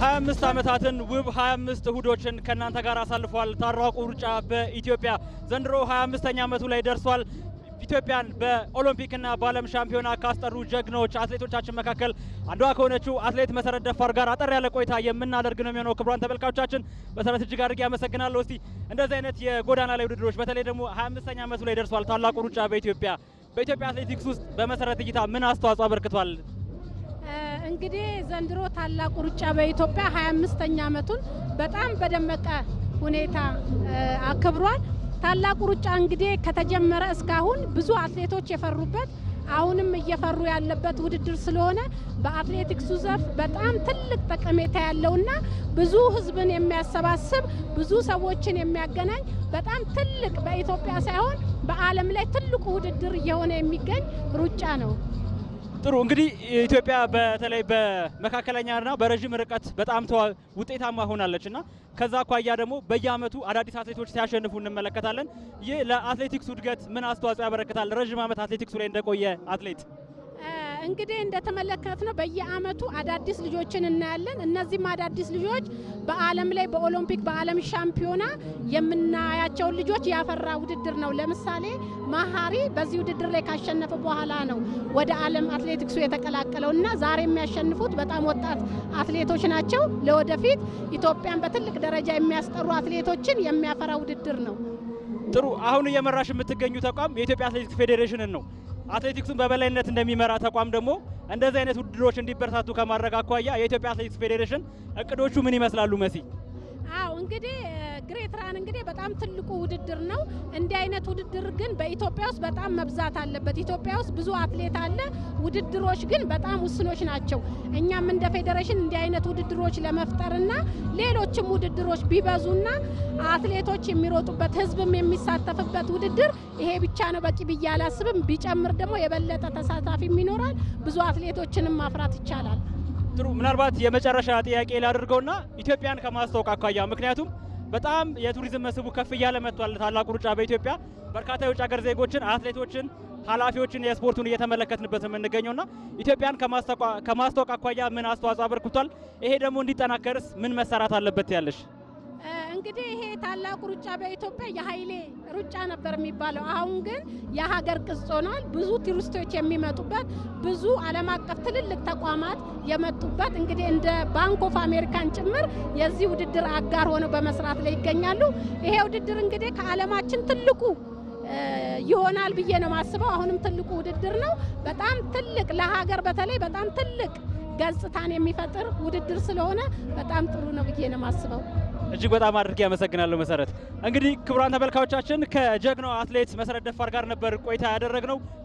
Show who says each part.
Speaker 1: 25 ዓመታትን ውብ 25 እሁዶችን ከእናንተ ጋር አሳልፏል። ታላቁ ሩጫ በኢትዮጵያ ዘንድሮ 25ኛ ዓመቱ ላይ ደርሷል። ኢትዮጵያን በኦሎምፒክና በዓለም ሻምፒዮና ካስጠሩ ጀግኖች አትሌቶቻችን መካከል አንዷ ከሆነችው አትሌት መሰረት ደፋር ጋር አጠር ያለ ቆይታ የምናደርግ ነው የሚሆነው። ክቡራን ተመልካቾቻችን መሰረት እጅግ አድርጌ አመሰግናለሁ። እስቲ እንደዚህ አይነት የጎዳና ላይ ውድድሮች በተለይ ደግሞ 25ኛ ዓመቱ ላይ ደርሷል ታላቁ ሩጫ በኢትዮጵያ በኢትዮጵያ አትሌቲክስ ውስጥ በመሰረት እይታ ምን አስተዋጽኦ አበርክቷል? እንግዲህ ዘንድሮ ታላቁ ሩጫ በኢትዮጵያ 25ኛ ዓመቱን በጣም በደመቀ ሁኔታ አክብሯል። ታላቁ ሩጫ እንግዲህ ከተጀመረ እስካሁን ብዙ አትሌቶች የፈሩበት አሁንም እየፈሩ ያለበት ውድድር ስለሆነ በአትሌቲክሱ ዘርፍ በጣም ትልቅ ጠቀሜታ ያለውና ብዙ ሕዝብን የሚያሰባስብ ብዙ ሰዎችን የሚያገናኝ በጣም ትልቅ በኢትዮጵያ ሳይሆን በዓለም ላይ ትልቁ ውድድር እየሆነ የሚገኝ ሩጫ ነው። ጥሩ እንግዲህ ኢትዮጵያ በተለይ በመካከለኛና በረዥም ርቀት በጣም ውጤታማ ሆናለች እና ከዛ አኳያ ደግሞ በየአመቱ አዳዲስ አትሌቶች ሲያሸንፉ እንመለከታለን። ይህ ለአትሌቲክሱ እድገት ምን አስተዋጽኦ ያበረክታል? ረዥም ዓመት አትሌቲክሱ ላይ እንደቆየ አትሌት እንግዲህ እንደተመለከት ነው በየአመቱ አዳዲስ ልጆችን እናያለን። እነዚህም አዳዲስ ልጆች በዓለም ላይ በኦሎምፒክ በዓለም ሻምፒዮና የምናያቸውን ልጆች ያፈራ ውድድር ነው። ለምሳሌ መሀሪ በዚህ ውድድር ላይ ካሸነፈ በኋላ ነው ወደ ዓለም አትሌቲክሱ የተቀላቀለው እና ዛሬ የሚያሸንፉት በጣም ወጣት አትሌቶች ናቸው። ለወደፊት ኢትዮጵያን በትልቅ ደረጃ የሚያስጠሩ አትሌቶችን የሚያፈራ ውድድር ነው። ጥሩ። አሁን እየመራሽ የምትገኙ ተቋም የኢትዮጵያ አትሌቲክስ ፌዴሬሽንን ነው። አትሌቲክሱን በበላይነት እንደሚመራ ተቋም ደግሞ እንደዚህ አይነት ውድድሮች እንዲበረታቱ ከማድረግ አኳያ የኢትዮጵያ አትሌቲክስ ፌዴሬሽን እቅዶቹ ምን ይመስላሉ? መሲ አዎ እንግዲህ በጣም ትልቁ ውድድር ነው። እንዲህ አይነት ውድድር ግን በኢትዮጵያ ውስጥ በጣም መብዛት አለበት። ኢትዮጵያ ውስጥ ብዙ አትሌት አለ፣ ውድድሮች ግን በጣም ውስኖች ናቸው። እኛም እንደ ፌዴሬሽን እንዲህ አይነት ውድድሮች ለመፍጠርና ሌሎችም ውድድሮች ቢበዙና አትሌቶች የሚሮጡበት ህዝብም የሚሳተፍበት ውድድር ይሄ ብቻ ነው በቂ ብዬ አላስብም። ቢጨምር ደግሞ የበለጠ ተሳታፊም ይኖራል፣ ብዙ አትሌቶችንም ማፍራት ይቻላል። ጥሩ ምናልባት የመጨረሻ ጥያቄ ላድርገውና ኢትዮጵያን ከማስታወቅ አኳያ ምክንያቱም በጣም የቱሪዝም መስህቡ ከፍ እያለ መጥቷል። ታላቁ ሩጫ በኢትዮጵያ በርካታ የውጭ ሀገር ዜጎችን፣ አትሌቶችን፣ ኃላፊዎችን የስፖርቱን እየተመለከትንበት የምንገኘውና ኢትዮጵያን ከማስተዋወቅ አኳያ ምን አስተዋጽኦ አበርክቷል? ይሄ ደግሞ እንዲጠናከርስ ምን መሰራት አለበት ያለሽ እንግዲህ ይሄ ታላቁ ሩጫ በኢትዮጵያ የሀይሌ ሩጫ ነበር የሚባለው። አሁን ግን የሀገር ቅጽ ሆኗል። ብዙ ቱሪስቶች የሚመጡበት ብዙ ዓለም አቀፍ ትልልቅ ተቋማት የመጡበት እንግዲህ እንደ ባንክ ኦፍ አሜሪካን ጭምር የዚህ ውድድር አጋር ሆነው በመስራት ላይ ይገኛሉ። ይሄ ውድድር እንግዲህ ከዓለማችን ትልቁ ይሆናል ብዬ ነው የማስበው። አሁንም ትልቁ ውድድር ነው። በጣም ትልቅ ለሀገር በተለይ በጣም ትልቅ ገጽታን የሚፈጥር ውድድር ስለሆነ በጣም ጥሩ ነው ብዬ ነው የማስበው። እጅግ በጣም አድርጌ ያመሰግናለሁ መሰረት። እንግዲህ ክቡራን ተመልካዮቻችን ከጀግናው አትሌት መሰረት ደፋር ጋር ነበር ቆይታ ያደረግነው።